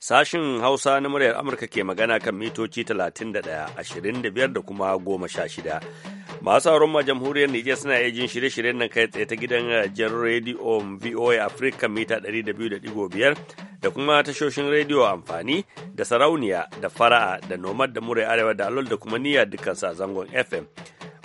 Sashin Hausa na muryar Amurka ke magana kan mitoci 31, 25 da kuma 16. Masu auren ma jamhuriyar Nijar suna iya jin shirye-shiryen nan kai tsaye ta gidan jan rediyo VOA Africa mita 200.5 da kuma tashoshin rediyo amfani da sarauniya da fara'a da nomad da murai arewa da alol da kuma niyya dukkan sa zangon FM.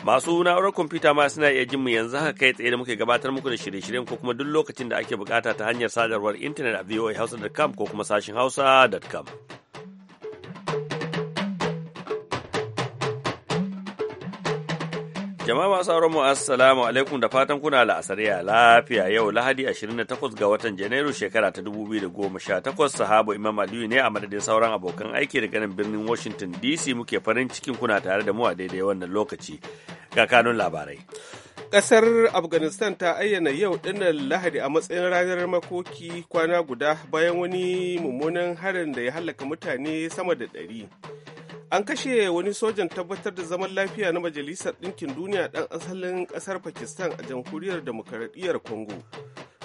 Masu na'urar kwamfuta ma suna iya jin mu yanzu haka kai tsaye da muke gabatar muku da shirye-shiryen ko kuma duk lokacin da ake bukata ta hanyar sadarwar intanet a Hausa.com ko kuma sashin hausa.com. Jama'a masu sauran mu assalamu alaikum da fatan kuna la'asariya lafiya yau Lahadi 28 ga watan Janairu shekara ta 2018 sahabo Imam Aliyu ne a madadin sauran abokan aiki daga nan birnin Washington DC muke farin cikin kuna tare da mu a daidai wannan lokaci ga kanun labarai. Ƙasar Afghanistan ta ayyana yau dinnan Lahadi a matsayin ranar makoki kwana guda bayan wani mummunan harin da ya halaka mutane sama da ɗari. an kashe wani sojan tabbatar da zaman lafiya na majalisar ɗinkin duniya ɗan asalin ƙasar pakistan a jamhuriyar demokaradiyyar congo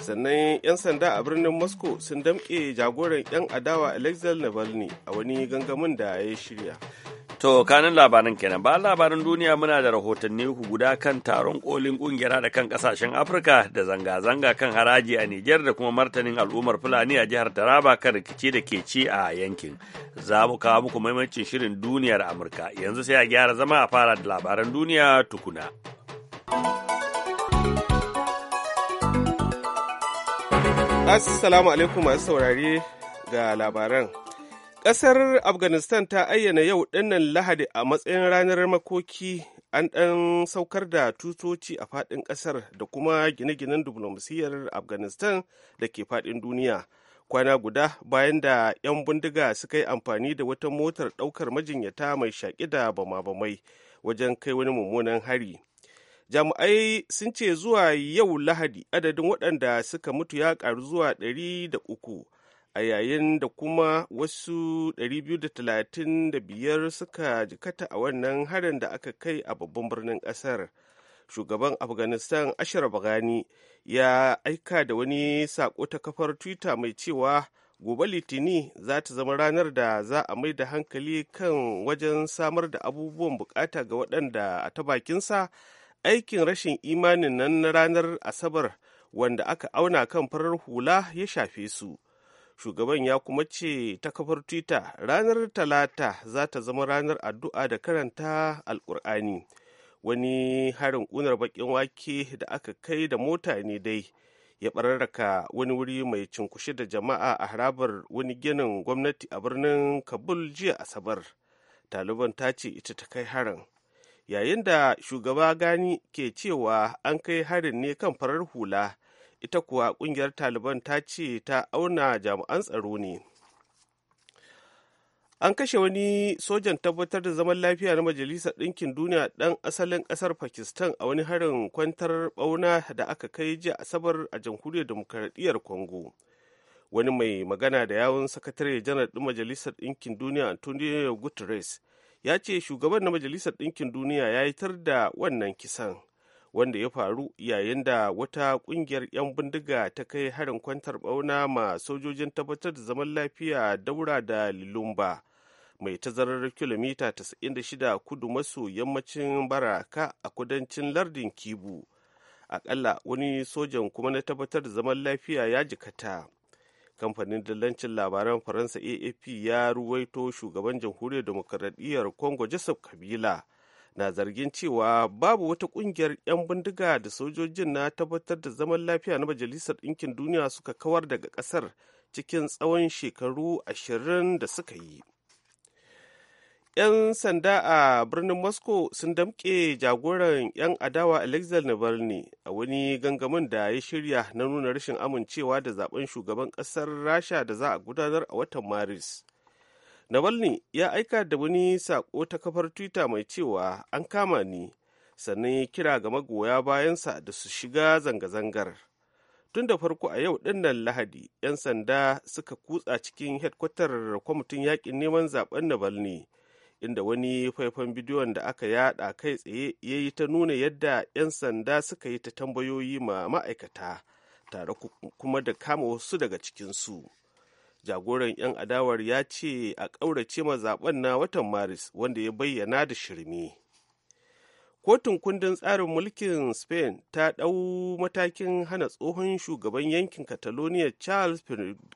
sannan 'yan sanda a birnin moscow sun damƙe jagoran 'yan adawa alexander navalny a wani gangamin da ya shirya To kanin labaran kenan ba labaran duniya muna da rahotanni uku guda kan taron kolin kungiyar da kan kasashen Afirka da zanga-zanga kan haraji a Nijar da kuma martanin al'ummar Fulani a jihar Taraba kan rikici da ke ci a yankin. Za mu kawo muku maimacin shirin duniyar Amurka yanzu sai a gyara zama a fara da labaran duniya tukuna. Assalamu alaikum masu saurare ga labaran. Ƙasar Afghanistan ta ayyana yau ɗannan Lahadi a matsayin ranar makoki an ɗan saukar da tutoci a faɗin ƙasar da kuma gine-ginen diflomasiyyar Afghanistan da ke faɗin duniya. Kwana guda bayan da 'yan bindiga suka yi amfani da wata motar ɗaukar majinyata mai shaƙi da bama-bamai wajen kai wani mummunan hari. Jami'ai sun ce zuwa yau Lahadi adadin waɗanda suka mutu ya ƙaru zuwa ɗari da uku. a yayin da kuma wasu 235 suka jikata a wannan harin da aka kai a babban birnin ƙasar shugaban afghanistan ashraf ghani ya aika da wani sako ta kafar twitter mai cewa gobe litini za ta zama ranar da za a mai da hankali kan wajen samar da abubuwan bukata ga waɗanda a ta bakinsa aikin rashin imanin nan na ranar asabar wanda aka auna kan farar hula ya shafe su shugaban ya kuma ce ta kafar twitter ranar talata za ta zama ranar addu'a da karanta alkur'ani wani harin ƙunar bakin wake da aka kai da mota ne dai ya bararraka wani wuri mai cinkushe da jama'a a harabar wani ginin gwamnati a birnin kabul jiya asabar taliban ta ce ita ta kai harin yayin da shugaba gani ke cewa an kai harin ne kan farar hula ita kuwa kungiyar taliban ta ce ta auna jami'an tsaro ne an kashe wani sojan tabbatar da zaman lafiya na majalisar ɗinkin duniya ɗan asalin ƙasar pakistan a wani harin kwantar ɓauna da aka kai jiya asabar a jamhuriyar demokaradiyyar congo wani mai magana da yawun sakatare janar ɗin majalisar ɗinkin duniya antonio guterres ya ce shugaban na majalisar ɗinkin duniya ya yi tar da wannan kisan wanda ya faru yayin da wata kungiyar 'yan bindiga ta kai harin kwantar bauna ma sojojin tabbatar da zaman lafiya daura da lilumba mai tazarar kilomita 96 kudu maso yammacin baraka a kudancin lardin kibu akalla wani sojan kuma na tabbatar da zaman lafiya ya jikata kamfanin dillancin labaran faransa aap ya ruwaito shugaban jamhuriyar demokaradiyyar congo joseph kabila na zargin cewa babu wata ƙungiyar 'yan bindiga da sojojin na tabbatar da zaman lafiya na majalisar ɗinkin duniya suka kawar daga ƙasar cikin tsawon shekaru ashirin da suka yi. 'yan sanda a birnin moscow sun damƙe jagoran 'yan adawa Alexander navalny a wani gangamin da ya shirya na nuna rashin amincewa da zaben shugaban ƙasar rasha da za a gudanar a watan maris Navalny ya aika da wani sako ta kafar Twitter mai cewa an kama ni sannan ya kira ga magoya bayansa da su shiga zanga-zangar. Tun da farko a yau dinnan Lahadi, 'yan sanda suka kutsa cikin hedkwatar kwamitin yakin neman zaɓen Navalny, inda wani faifan bidiyon da aka yada kai tsaye ya yi ta nuna yadda 'yan sanda suka yi ta tambayoyi ma ma'aikata, tare kuma da kama wasu daga cikinsu. jagoran 'yan adawar ya ce a ƙaurace ma zaben na watan maris wanda ya bayyana da shirme kotun kundin tsarin mulkin spain ta ɗau matakin hana tsohon shugaban yankin catalonia charles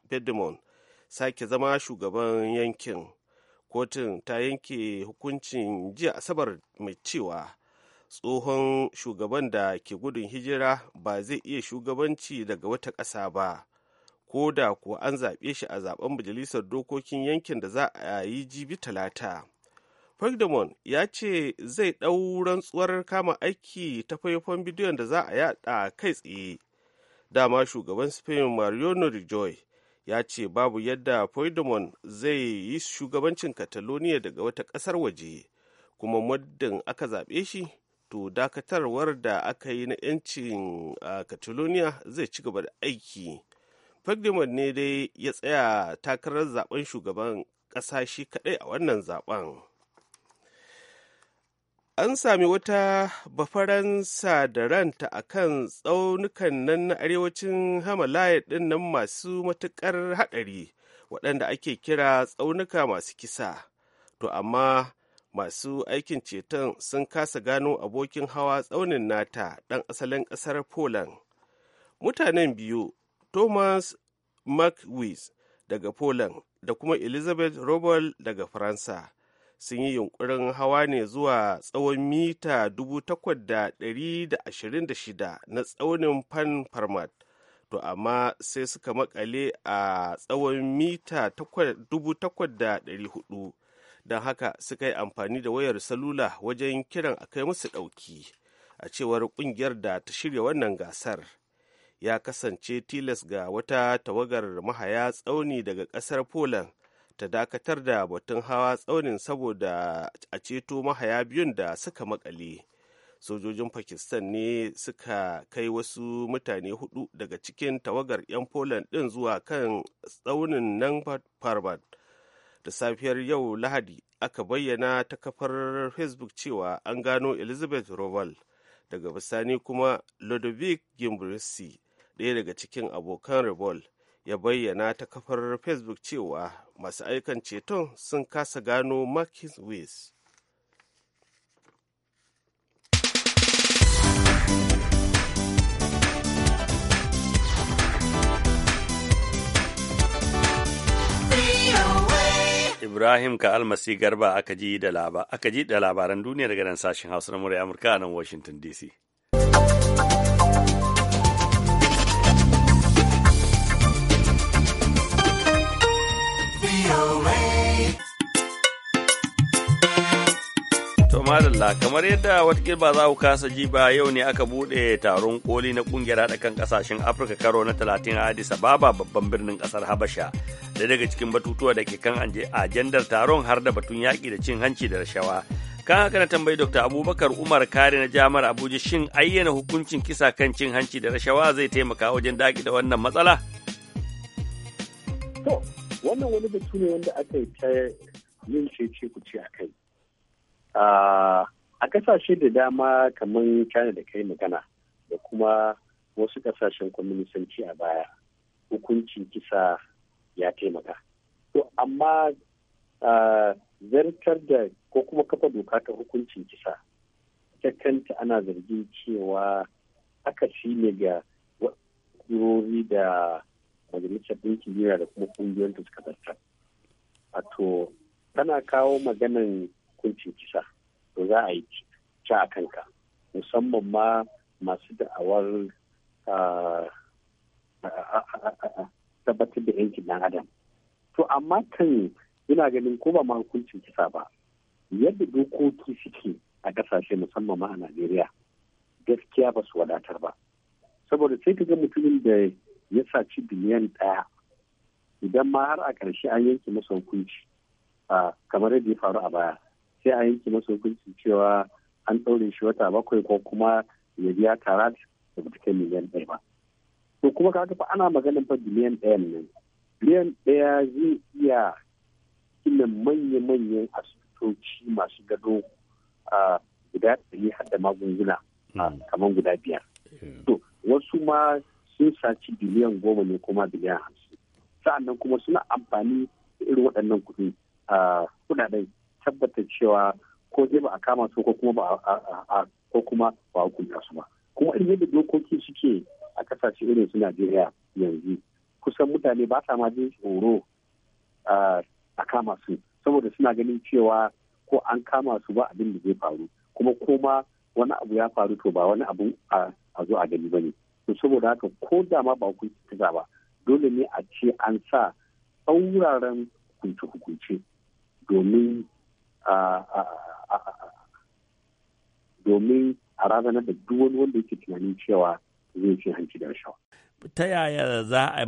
pedemont sake zama shugaban yankin kotun ta yanke hukuncin jiya asabar mai cewa tsohon shugaban da ke gudun hijira ba zai iya shugabanci daga wata ƙasa ba ko da kuwa an zaɓe shi a zaben majalisar dokokin yankin da za a yi jibi talata Fagdemon ya ce zai ɗau rantsuwar kama aiki ta faifan bidiyon da za a yada kai tsaye dama shugaban spain mariano rejoy ya ce babu yadda fagdemon zai yi shugabancin catalonia daga wata ƙasar waje kuma muddin aka zaɓe shi to dakatarwar da aka yi na 'yancin a catalonia zai ci gaba da aiki Fagdimon ne dai ya tsaya takarar zaben shugaban ƙasa shi kaɗai a wannan zaben. An sami wata bafaransa da ranta a kan tsaunukan nan na arewacin Hamalaya ɗin nan masu matuƙar haɗari waɗanda ake kira tsaunuka masu kisa. To amma masu aikin ceton sun kasa gano abokin hawa tsaunin nata ɗan asalin ƙasar Poland. Mutanen biyu thomas mcwis daga poland da kuma elizabeth robel daga faransa sun yi yunkurin hawa ne zuwa tsawon mita 8,126 na tsaunin pan farmat to amma sai suka makale a tsawon mita 8,400 don haka suka yi amfani da wayar salula wajen kiran a kai musu ɗauki a cewar ƙungiyar da ta shirya wannan gasar. ya kasance tilas ga wata tawagar mahaya tsauni daga ƙasar poland ta dakatar da batun hawa tsaunin saboda a ceto mahaya biyun da suka makale sojojin pakistan ne suka kai wasu mutane hudu daga cikin tawagar 'yan poland din zuwa kan tsaunin nan farbad da safiyar yau lahadi aka bayyana ta kafar facebook cewa an gano elizabeth roval daga bisani kuma ludovic gimbrisi ɗaya daga cikin abokan revolt ya bayyana ta kafar facebook cewa masu aikan ceton sun kasa gano markins Ibrahim ka almasi garba aka ji da labaran duniya daga nan sashen hausa na Amurka a nan Washington DC. To madalla kamar yadda watakil ba za ku kasa ji ba yau ne aka bude taron koli na kungiyar haɗa kan ƙasashen Afirka karo na 30 a Addis Ababa babban birnin kasar Habasha. Da daga cikin batutuwa da ke kan ajandar taron har da batun yaƙi da cin hanci da rashawa. Kan haka na tambayi Dr. Abubakar Umar Kare na Jami'ar Abuja shin ayyana hukuncin kisa kan cin hanci da rashawa zai taimaka wajen daƙi da wannan matsala? To, wannan wani batu ne wanda aka yi ta yin ce ku ci a kai. a kasashe da dama kamar china da kai magana da kuma wasu kasashen kwaminisanci a baya hukuncin kisa ya taimaka to amma zartar da ko kuma kafa doka ta hukuncin kisa ta kanta ana zargin cewa aka shi ne ga wasu da majalisar ɗinkin duniya da kuma ƙungiyar da suka zartar. A to tana kawo maganan hukuncin kisa to za a yi ci a kanka musamman ma masu da'awar ah, tabbatar da yankin dan adam to amma kan ina ganin ko ba ma hukuncin kisa ba yadda dokoki suke a kasashe musamman ma a najeriya gaskiya ba su wadatar ba saboda sai ka ga mutumin da ya saci biliyan daya idan ma har a ƙarshe an yanke masa hukunci ah, kamar yadda ya faru a baya sai a yanke masa hukunci cewa an ɗaure shi wata bakwai ko kuma ya biya tara da ba kai miliyan ɗaya ba to kuma ka fa ana maganin fa miliyan ɗaya nan biliyan ɗaya zai iya gina manya-manyan asibitoci masu gado a guda ɗari har da magunguna hmm. kamar guda biyar to wasu ma sun saci biliyan goma ne kuma biliyan hamsin sa'annan kuma suna amfani da irin waɗannan kuɗi a kuɗaɗen tabbata cewa ko dai ba a kama su ko kuma ba a kuma ba hukunta su ba kuma in yadda dokoki suke a kasashe irin su Najeriya yanzu kusan mutane ba sa ma jin tsoro a kama su saboda suna ganin cewa ko an kama su ba abin da zai faru kuma koma wani abu ya faru to ba wani abu a zo a gani bane to saboda haka ko da ma ba hukunci ba dole ne a ce an sa tsauraran hukunce-hukunce domin domin a razanar da duk wani wanda yake tunanin cewa zai cin hanci da rashawa. Ta yaya za a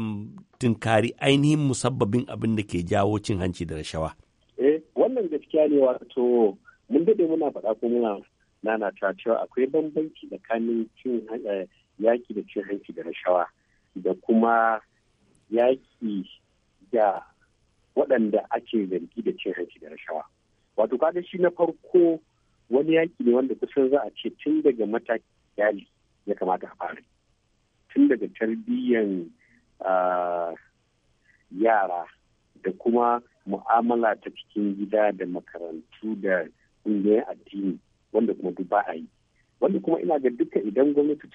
tunkari ainihin musabbabin abin da ke jawo cin hanci da rashawa? Eh, wannan gaskiya ne wato mun daɗe muna faɗa ko muna nanata cewa akwai bambanci tsakanin cin eh, yaki da cin hanci da rashawa da kuma yaki da waɗanda ake zargi da cin hanci da rashawa. wato kaga shi na farko wani yaki ne wanda kusan za a ce tun daga matakin yali ya kamata a fara tun daga tarbiyyan yara da kuma mu'amala ta cikin gida da makarantu da ƙungiyoyin addini wanda kuma duk ba a yi wanda kuma ina ga duka idan gwamnati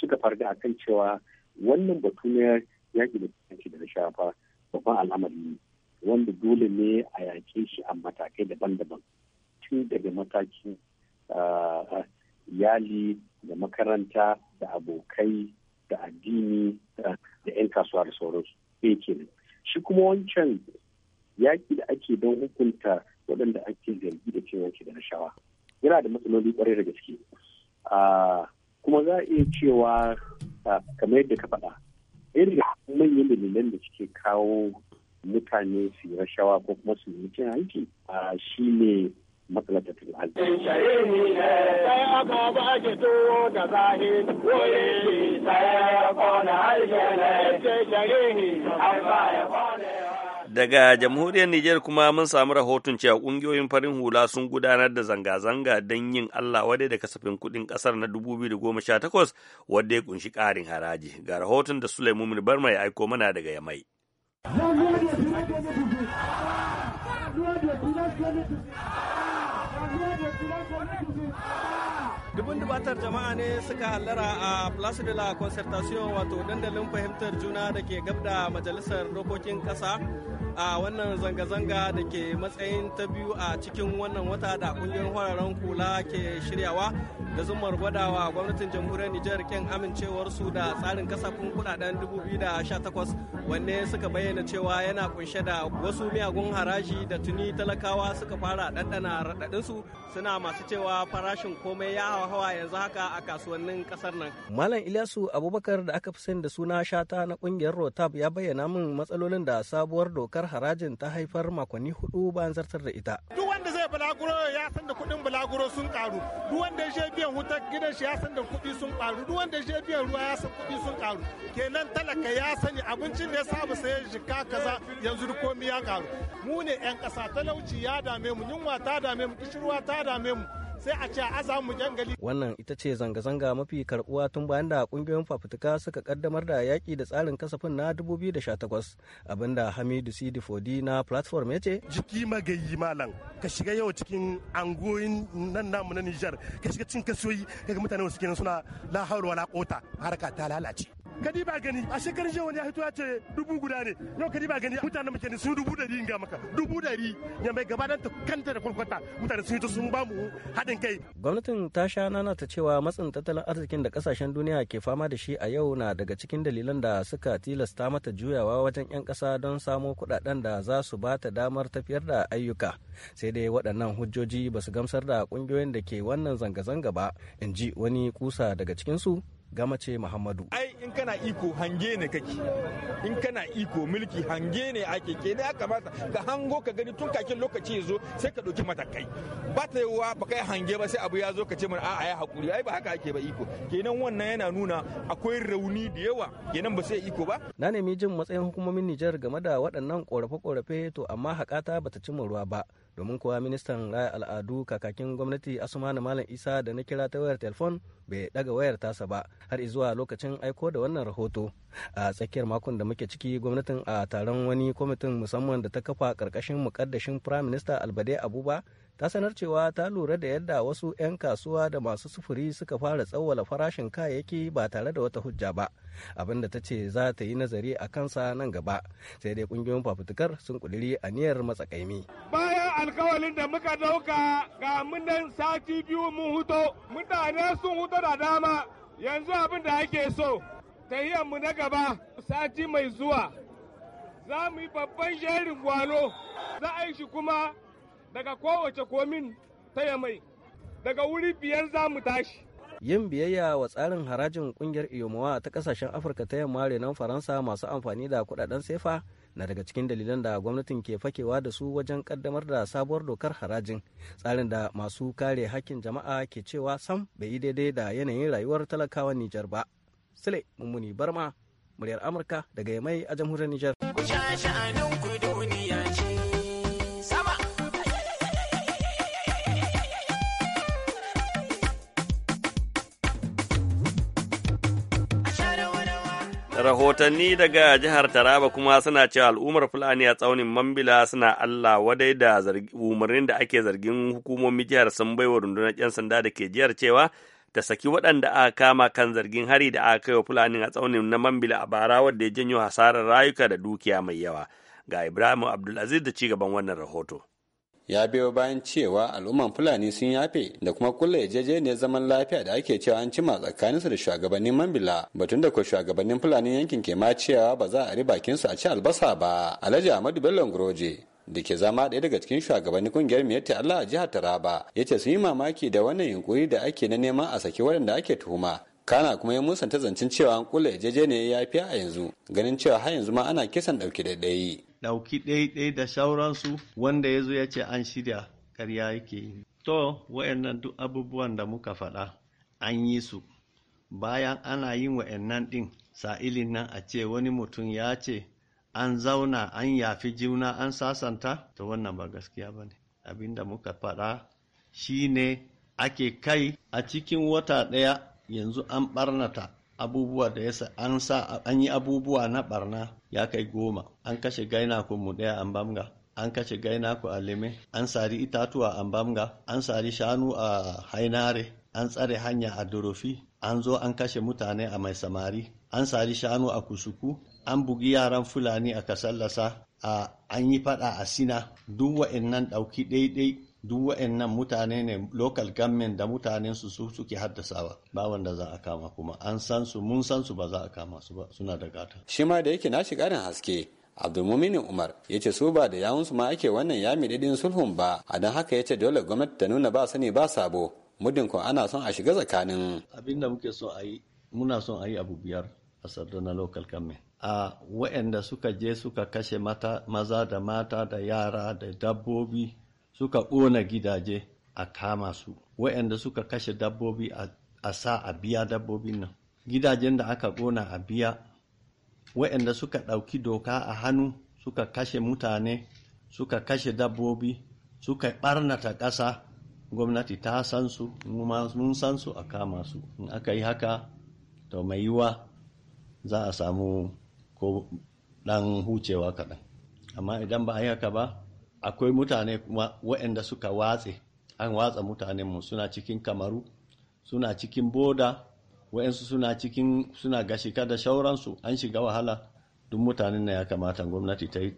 suka farga a kan cewa wannan batu na yaƙi da da na shafa babban al'amari ne wanda dole ne a yaƙe shi a matakai daban-daban tun daga matakin ah, iyali da makaranta da abokai da addini ah, da 'yan kasuwa da sauransu ɗaya kenan shi kuma wancan yaƙi da ake don hukunta waɗanda ake zargi da cewa ke da rashawa yana da matsaloli kwarai da gaske ah, kuma za a iya cewa kamar yadda ka faɗa ɗaya daga manyan dalilan da suke kawo mutane su yi rashawa ko kuma su yi cin hanci a shi ne matsalar ne Sai aka ba ake tuwo da zahi, sai ya kona an ba ya daga jamhuriyar Nijar kuma mun samu rahoton cewa ƙungiyoyin farin hula sun gudanar da zanga-zanga don yin Allah wadai da kasafin kuɗin ƙasar na 2018 wadda ya kunshi ƙarin haraji. Ga rahoton da Sulaimu Barma ya aiko mana daga Yamai. Dubun dubatar jama'a ne suka hallara a Place de la Concertation wato dandalin fahimtar juna da ke gabda Majalisar Dokokin Ƙasa a wannan zanga-zanga da ke matsayin ta biyu a cikin wannan wata da kungiyar wararen kula ke shiryawa da zumar gwadawa gwamnatin jamhuriyar Nijar ken amincewarsu da tsarin kasafin kudaden 2018 wanne suka bayyana cewa yana kunshe da wasu miyagun haraji da tuni talakawa suka fara ɗanɗana raɗaɗinsu suna masu cewa farashin komai ya hawa yanzu haka a kasuwannin ƙasar nan. Malam Ilyasu Abubakar da aka fi sani da suna shata na ƙungiyar Rotab ya bayyana min matsalolin da sabuwar dokar zartar harajin ta haifar makonni hudu bayan zartar da ita. Duk wanda zai bulaguro ya san da kuɗin balaguro sun karu. Duk wanda ya biyan wutar gidan shi ya san da kuɗi sun karu. Duk wanda ya biyan ruwa ya san kuɗi sun karu. Kenan talaka ya sani abincin da ya saba sai jika kaza yanzu duk komai ya karu. Mu ne 'yan kasa talauci ya dame mu, yunwa ta dame mu, kishirwa ta dame mu. sai a ce a samu jangali. Wannan ita ce zanga-zanga mafi karbuwa tun bayan da kungiyoyin fafutuka suka kaddamar da yaƙi da tsarin kasafin na 2018 abinda Hamidu Sidi Fodi na platform ya ce. Jiki magayi malam ka shiga yau cikin angoyin nan namu na Nijar ka shiga cikin kasoyi kaga mutane wasu kenan suna la haula kota harka ta lalace. kadi ba gani a shekarun jiya wani ya hito ya ce dubu guda ne yau kadi ba gani mutane mace ne sun dubu dari ga maka dubu dari ya mai gaba ta kanta da kwarkwata mutane sun hito sun ba mu haɗin kai. gwamnatin ta sha nana ta cewa matsin tattalin arzikin da kasashen duniya ke fama da shi a yau na daga cikin dalilan da suka tilasta mata juyawa wajen 'yan ƙasa don samo kuɗaɗen da za su ba ta damar tafiyar da ayyuka sai dai waɗannan hujjoji ba su gamsar da ƙungiyoyin da ke wannan zanga-zanga ba in ji wani kusa daga cikinsu Gamace Muhammadu. Ai in kana iko hange ne kake. In kana iko mulki hange ne ake ke ne aka mata ka hango ka gani tun kakin lokaci ya zo sai ka mata matakai. Ba ta yiwuwa ba kai hange ba sai abu ya zo ka ce mana a'a ya hakuri ai ba haka ake ba iko. Kenan wannan yana nuna akwai rauni da yawa kenan ba sai iko ba. Na nemi jin matsayin hukumomin Nijar game da waɗannan korafe-korafe to amma haƙata bata cimma ruwa ba. domin kuwa ministan raya al'adu kakakin gwamnati asumani malam isa da na kira ta wayar telefon bai daga wayar tasa ba har zuwa lokacin aiko da wannan rahoto a tsakiyar makon da muke ciki gwamnatin a taron wani kwamitin musamman da ta kafa karkashin mukaddashin prime minister albade abuba ta sanar cewa ta lura da yadda wasu 'yan kasuwa da masu sufuri suka fara tsawwala farashin kayayyaki ba tare da wata hujja ba abinda ta ce za ta yi nazari a kansa nan gaba sai dai kungiyoyin fafutukar sun kuduri aniyar matsakaimi bayan alkawalin da muka dauka ga nan sati biyu mun huto mutane sun huto da dama yanzu abin da ake so mu na gaba sati mai zuwa za mu yi babban jerin gwalo za a yi shi kuma daga kowace komin taya mai daga wuri biyar za mu tashi yin biyayya wa tsarin harajin kungiyar iyomawa ta kasashen afirka ta yamma renon faransa masu amfani da kudaden sefa na daga cikin dalilan da gwamnatin ke fakewa da su wajen kaddamar da sabuwar dokar harajin tsarin da masu kare hakkin jama'a ke cewa sam bai yi daidai da yanayin rayuwar talakawan nijar ba sule mummuni barma muryar amurka daga yamai a jamhuriyar nijar Rahotanni daga jihar Taraba kuma suna cewa al'ummar Fulani a tsaunin Mambila suna Allah wadai da umarnin da ake zargin hukumomin jihar sun baiwa rundunar 'yan sanda da ke jihar cewa ta saki waɗanda aka kama kan zargin hari da aka kai wa Fulani a tsaunin na Mambila a bara wadda ya janyo hasarar rayuka da dukiya mai yawa. Ga Ibrahim Abdulaziz da ci gaban wannan rahoto. ya biyo bayan cewa al'umman fulani sun yafe da kuma kulla yarjejeniyar zaman lafiya da ake cewa an cima tsakaninsu da shugabannin mambila batun da ko shugabannin fulani yankin ke ma cewa ba za a ri bakinsu a ci albasa ba alhaji ahmadu bello groje da ke zama ɗaya daga cikin shugabannin kungiyar miyatti Allah a jihar Taraba ya ce sun yi mamaki da wannan yunkuri da ake na nema a saki waɗanda ake tuhuma kana kuma ya musanta zancen cewa an kula ne ya fi a yanzu ganin cewa har yanzu ma ana kisan ɗauki daidai ɗauki ɗaiɗai da sauransu wanda ya zo ya ce an shirya karya yake yi to wa'annan duk abubuwan da muka faɗa an yi su bayan ana yin wa'annan ɗin sa'ilin nan a ce wani mutum ya ce an zauna an yafi juna an sasanta to wannan ba gaskiya ba ne abinda muka faɗa shine ake kai a cikin wata ɗaya yanzu an barnata abubuwa da yasa an sa an yi abubuwa na barna ya kai goma an kashe gaina ku mu daya an bamga an kashe gaina ku a leme an sari itatuwa a bamga an sari shanu a hainare an tsare hanya a dorofi an zo an kashe mutane a mai samari an sari shanu a kusuku an bugi yaran fulani a kasallasa a an yi fada a sina duk wa'annan ɗauki ɗaiɗai duk wa'annan mutane ne local government da mutanen su suke haddasawa ba wanda za a kama kuma an san su mun san su ba za a kama su ba suna da gata shi ma da yake na shi karin haske abdulmumin umar ya ce su ba da su ma ake wannan yami didin sulhun ba a don haka ya ce dole gwamnati ta nuna ba sani ba sabo muddin ko ana son a shiga tsakanin abin da muke so a yi muna son a yi abu biyar a sardana local government a waɗanda suka je suka kashe maza da mata da yara da dabbobi suka ƙona gidaje a kama su waɗanda suka kashe dabbobi a sa a biya dabbobin nan gidajen da aka ƙona a biya waɗanda suka ɗauki doka a hannu suka kashe mutane suka kashe dabbobi suka ɓarnata ƙasa gwamnati ta san su mun san su a kama su in aka yi haka to mai yiwa za a samu ko ɗan hucewa kaɗan amma idan ba a yi haka ba akwai mutane kuma waɗanda suka watse an watsa mutanenmu suna cikin kamaru suna cikin boda waɗansu suna cikin suna gashika da shauransu an shiga wahala duk mutanen na ya kamata gwamnati ta yi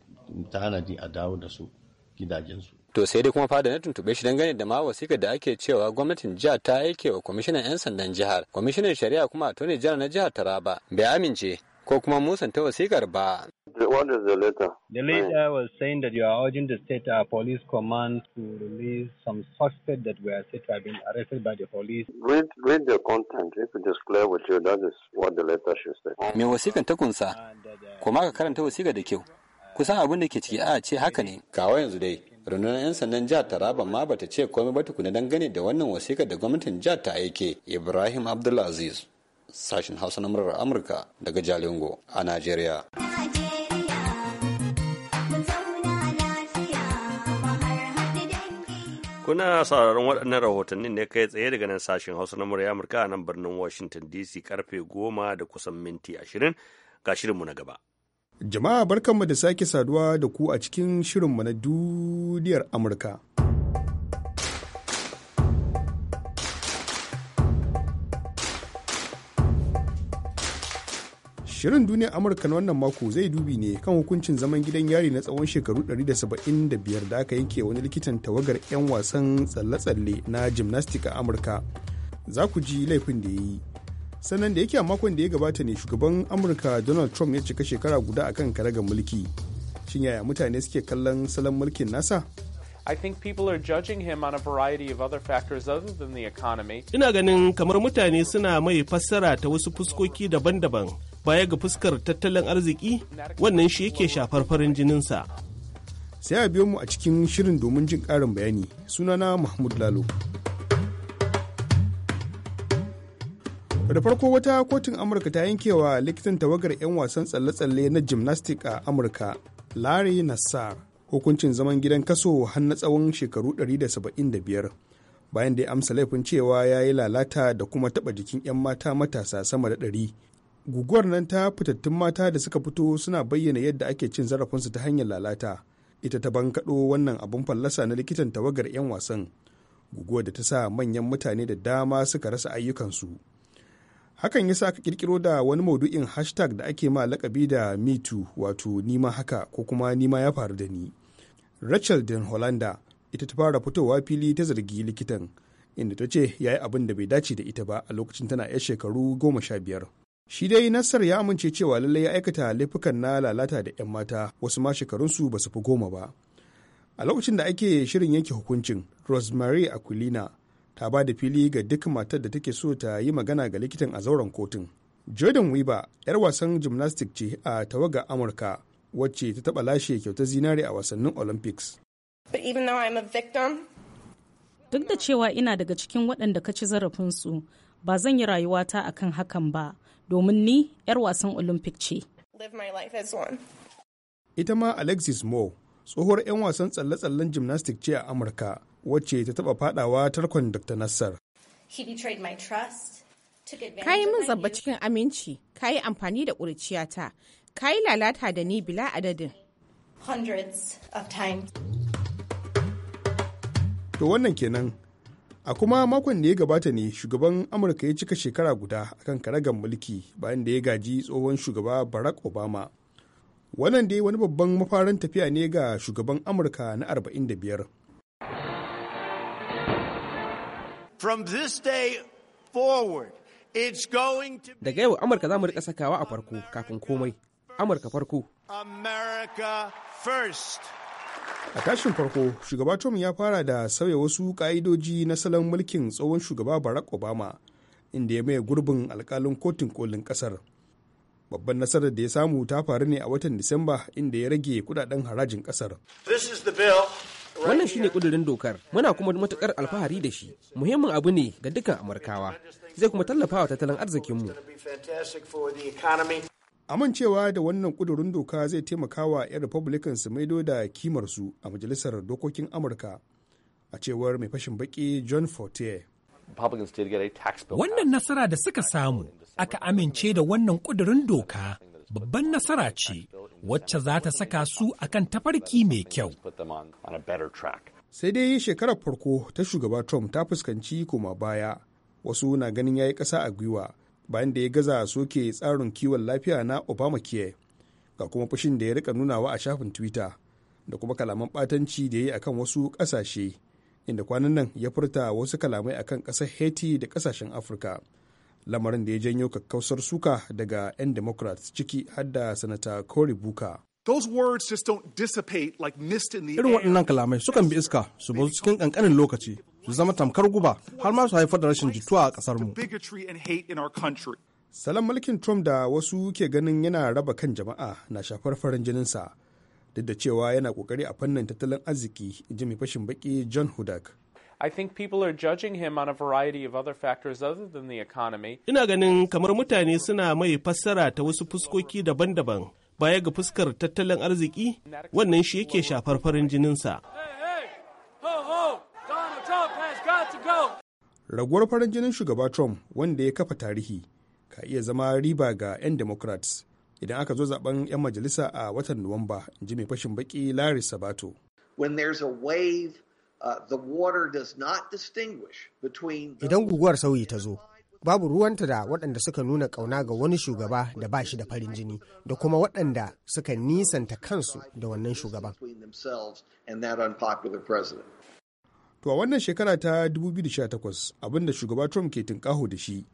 tanadi a dawo da su gidajensu to sai dai kuma fada na tuntube shi dangane da ma wasikar da ake cewa gwamnatin jihar ta aike wa kwamishinan 'yan sandan jihar kwamishinan shari'a kuma attorney jihar na jihar taraba bai amince ko kuma musanta wasikar ba what is the letter? The letter was saying that you are urging the state uh, police command to release some suspects that were said to have been arrested by the police. Read, read the content. If it is clear with you, that is what the letter should say. Me wasikan ta kunsa, kuma ka karanta wasiƙa da kyau. Kusan abin da ke ciki a ce haka ne. Kawo yanzu dai, rundunar 'yan sandan jihar taraba ma bata ce komai ba tukuna dangane da wannan wasiƙar da gwamnatin jihar ta aike ibrahim abdulaziz sashen hausa na murar amurka daga jalingo a najeriya Kuna sauraron waɗannan rahotannin ne kai tsaye daga nan sashen Hausa na murya Amurka a nan birnin Washington DC karfe goma da kusan minti ashirin ga shirinmu na gaba. Jama'a barkanmu da sake saduwa da ku a cikin shirinmu na duniyar Amurka. Shirin duniyar Amurka na wannan mako zai dubi ne kan hukuncin zaman gidan yari na tsawon shekaru 175 da aka yanke wani likitan tawagar 'yan wasan tsalle-tsalle na jimnastik a Amurka. Za ku ji laifin da ya yi. Sannan da yake a makon da ya gabata ne shugaban Amurka Donald Trump ya cika shekara guda a akan karagar mulki. Shin yaya mutane suke kallon salon mulkin nasa? I think people are judging him on a variety of other factors other than the economy. Ina ganin kamar mutane suna mai fassara ta wasu fuskoki daban-daban baya ga fuskar tattalin arziki wannan shi yake shafar farin jininsa sai a biyo mu a cikin shirin domin jin karin bayani sunana mahmud lalo da farko wata kotun amurka ta yankewa likitan tawagar 'yan wasan tsalle-tsalle na gymnastic a amurka larry nassar hukuncin zaman gidan kaso har na tsawon shekaru 175 bayan da ya amsa laifin cewa ya yi lalata da kuma taɓa jikin 'yan mata matasa sama da ɗari. guguwar nan ta fitattun mata da suka fito suna bayyana yadda ake cin zarafinsu ta hanyar lalata ita ta bankaɗo wannan abin fallasa na likitan tawagar 'yan wasan guguwar da ta sa manyan mutane da dama suka rasa ayyukansu hakan yasa aka kirkiro da wani maudu'in hashtag da ake ma lakabi da me wato nima haka ko kuma nima ya faru da ni rachel den hollanda ita ta fara fitowa fili ta zargi likitan inda ta ce ya yi abin da bai dace da ita ba a lokacin tana 'yar shekaru goma sha biyar Shi dai Nassar ya amince cewa lallai ya aikata laifukan na lalata da 'yan mata wasu ma shekarunsu ba su fi goma ba. A lokacin da ake shirin yanke hukuncin, Rosemary Aquilina ta ba da fili ga duk matar da take so ta yi magana ga likitan a zauren kotun. Jordan Weaver, 'yar wasan gymnastics ce a tawaga Amurka, wacce ta taba lashe kyautar zinare a wasannin Olympics. Duk da cewa ina daga cikin waɗanda ka ci zarafinsu, ba zan yi rayuwata akan hakan ba. domin ni 'yar wasan Olympic ce. Ita ma Alexis Moore, tsohuwar 'yan wasan tsalle-tsallen gymnastic ce a Amurka, wacce ta taba fadawa tarkon Dr. Nassar. Ka yi min zabba cikin aminci, ka yi amfani da ƙuriciyata, ka yi lalata da ni bila adadin. To wannan kenan a kuma makon da ya gabata ne shugaban amurka ya cika shekara guda akan karagar mulki bayan da ya gaji tsohon shugaba barack obama wannan dai wani babban mafarin tafiya ne ga shugaban amurka na 45 From this day forward, it's going to Daga yau Amurka za mu rika sakawa a farko kafin komai. Amurka farko. America first. a tashin farko shugaba trump ya fara da sauya wasu ka'idoji na salon mulkin tsohon shugaba barack obama inda ya maye gurbin alkalin kotun kolin kasar babban nasarar da ya samu ta faru ne a watan disamba inda ya rage kudaden harajin kasar wannan shine kudurin dokar muna kuma matukar alfahari da shi muhimmin abu ne ga dukkan amurkawa zai kuma tallafa wa tattalin arzikinmu amincewa da wannan kudurin doka zai taimaka wa 'yan republican su maido da kimarsu a majalisar dokokin amurka a cewar mai fashin baki john fortier wannan nasara da suka samu aka amince da wannan kudurin doka babban nasara ce wacce za ta saka su a kan tafarki mai kyau sai dai shekarar farko ta shugaba trump ta fuskanci koma baya wasu na ganin ya yi ƙasa a gwiwa bayan da ya gaza soke tsarin kiwon lafiya na obama obamacare ga kuma fushin da ya rika nunawa a shafin twitter da kuma kalaman batanci da ya yi akan wasu ƙasashe inda kwanan nan ya furta wasu kalamai akan ƙasar haiti da ƙasashen afirka lamarin da ya janyo kakkausar suka daga 'yan democrats ciki har da sanata cory buka irin waɗannan kalamai sukan bi iska su bazu cikin ƙanƙanin lokaci su zama tamkar guba har ma su haifar da rashin jituwa a kasar mu. Salon mulkin Trump da wasu ke ganin yana raba kan jama'a na shafar farin jininsa duk da cewa yana kokari a fannin tattalin arziki in ji mai fashin baki John Hudak. I think people are judging him on a variety of other factors other than the economy. Ina ganin kamar mutane suna mai fassara ta wasu fuskoki daban-daban baya ga fuskar tattalin arziki wannan shi yake shafar farin jininsa. raguwar farin jinin shugaba trump wanda ya kafa tarihi ka iya zama riba ga 'yan democrats idan aka zo zaben 'yan majalisa a watan nuwamba ji mai fashin baki larry sabato uh, idan guguwar sauyi ta zo babu ruwanta da waɗanda suka nuna ƙauna ga wani shugaba da ba shi da farin jini da kuma waɗanda suka nisanta kansu da wannan shugaban To a wannan shekara ta 2018 abinda shugaba Trump ke tunƙaho da shi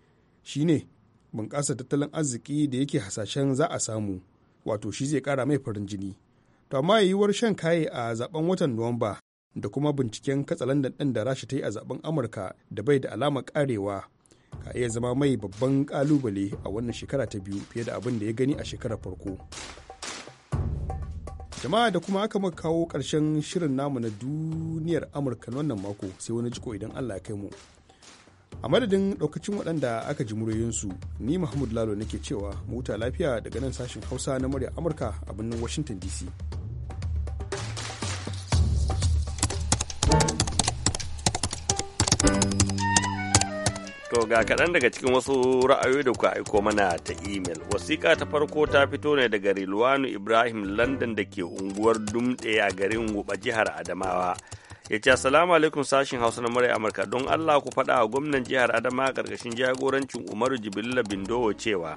shine bunƙasa tattalin arziki da yake hasashen za a samu wato shi zai kara mai farin jini. To amma yiwuwar shan kaye a zaben watan Nuwamba da kuma binciken katsalandan ɗin da Rasha ta yi a zaben Amurka da bai da alama karewa ka iya zama mai babban ƙalubale a wannan shekara ta biyu fiye da abin da ya gani a shekarar farko. jama'a da kuma aka maka kawo ƙarshen shirin namu na duniyar amurka wannan mako sai wani jiko idan allah ya kai mu a madadin ɗaukacin waɗanda aka ji muryoyinsu ni mahmud lalo nake cewa mu wuta lafiya daga nan sashen hausa na murya amurka a birnin washington dc To ga kaɗan daga cikin wasu ra'ayoyi da ku aiko mana ta imel. Wasiƙa ta farko ta fito ne daga Rilwanu Ibrahim London da ke unguwar Dumɗe a garin Wuba jihar Adamawa. Ya ce Assalamu alaikum sashin Hausa na murai Amurka don Allah ku faɗa wa gwamnan jihar Adamawa ƙarƙashin jagorancin Umaru Jibrila Bindowo cewa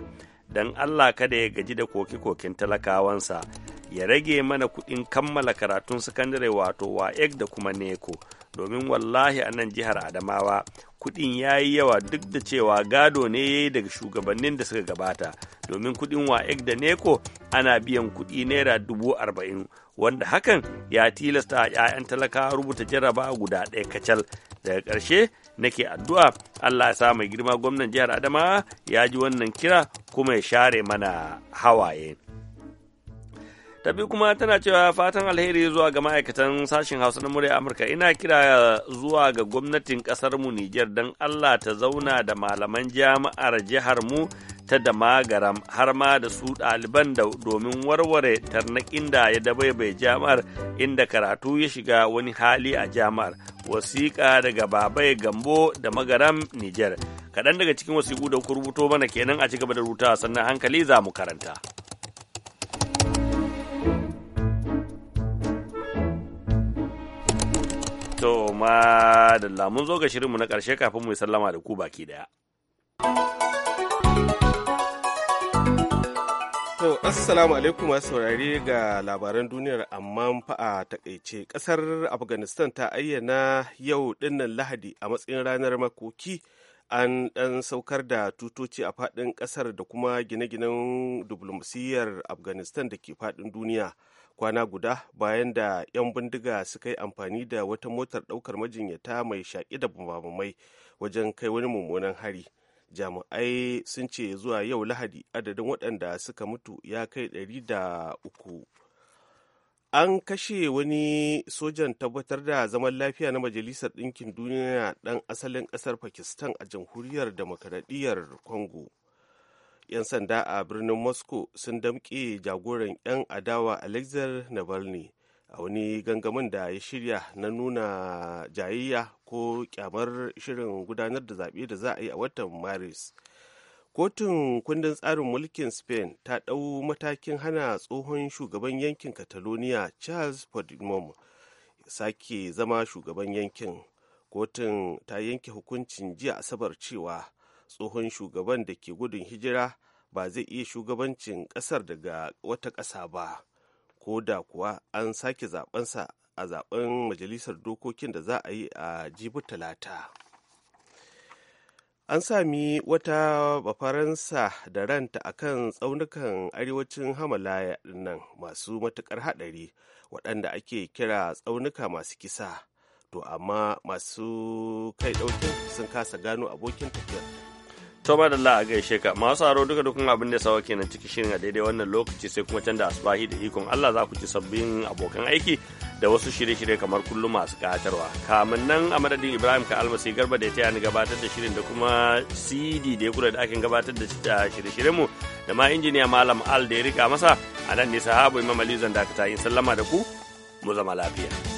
dan Allah kada ya gaji da koke-koken talakawansa ya rage mana kuɗin kammala karatun sakandare wato wa e da kuma neko domin wallahi a nan jihar adamawa kuɗin ya yi yawa duk da cewa gado ne ya yi daga shugabannin da suka gabata domin kuɗin wa'ek da neko ana biyan kuɗi naira dubu arba'in wanda hakan ya tilasta a 'ya'yan talakawa rubuta jaraba guda ɗaya kacal daga ƙarshe nake addu'a allah ya sa mai girma gwamnan jihar Adamawa ya ji wannan kira kuma ya share mana hawaye ta kuma tana cewa fatan alheri zuwa ga ma'aikatan sashen hausa na murya amurka ina kira zuwa ga gwamnatin kasar mu nijar don allah ta zauna da malaman jami'ar jihar mu ta damagaram har ma da su ɗaliban da domin warware tarnaƙin da ya dabaibai jami'ar inda karatu ya shiga wani hali a jami'ar wasiƙa daga babai gambo da magaram nijar kaɗan daga cikin wasiƙu da ku mana kenan a ci gaba da rubuta sannan hankali za mu karanta. amma da lamun zo ga shirinmu na ƙarshe kafin mu yi sallama da ku baki daya. To, Assalamu alaikum masu saurare ga labaran duniyar amma fa a takaice. ƙasar Afghanistan ta ayyana yau dinnan Lahadi a matsayin ranar makoki an ɗan saukar da tutoci a faɗin ƙasar da kuma gine-ginen diflomasiyyar Afghanistan da ke faɗin duniya. kwana guda bayan da 'yan bindiga suka yi amfani da wata motar ɗaukar majinyata mai shaƙi da bumbamai wajen kai wani mummunan hari jami'ai sun ce zuwa yau lahadi adadin waɗanda suka mutu ya kai ɗari da uku an kashe wani sojan tabbatar da zaman lafiya na majalisar ɗinkin duniya ɗan asalin ƙasar pakistan a jamhuriyar demokaradiyyar congo 'yan sanda a birnin moscow sun damƙe jagoran 'yan adawa alexander navalny a wani gangamin da ya shirya na nuna jayayya ko kyamar shirin gudanar da zaɓe da za a yi a watan maris kotun kundin tsarin mulkin spain ta ɗau matakin hana tsohon shugaban yankin catalonia charles podimom sake zama shugaban yankin kotun ta yanke hukuncin jiya asabar cewa tsohon shugaban da ke gudun hijira ba zai iya shugabancin ƙasar daga wata ƙasa ba ko da kuwa an sake zabensa a zaben majalisar dokokin da za a yi a jibu talata an sami wata bafaransa da ranta a kan tsaunukan arewacin hamalaya nan masu matuƙar haɗari waɗanda ake kira tsaunuka masu kisa to amma masu kai ɗaukin sun kasa gano abokin tafiyar To ba da la a gaishe ka masu haro duka dukkan abin da sawa kenan cikin shirin a daidai wannan lokaci sai kuma can da asbahi da ikon Allah za ku ci sabbin abokan aiki da wasu shirye-shirye kamar kullum masu katarwa Kamin nan a madadin Ibrahim ka almasi garba da ya taya ni gabatar da shirin da kuma CD da ya kula da aikin gabatar da ah, shirye-shiryen mu da ma injiniya Malam Al da ya rika masa a nan ne sahabu Imam Ali ka ta yin sallama da ku mu zama lafiya.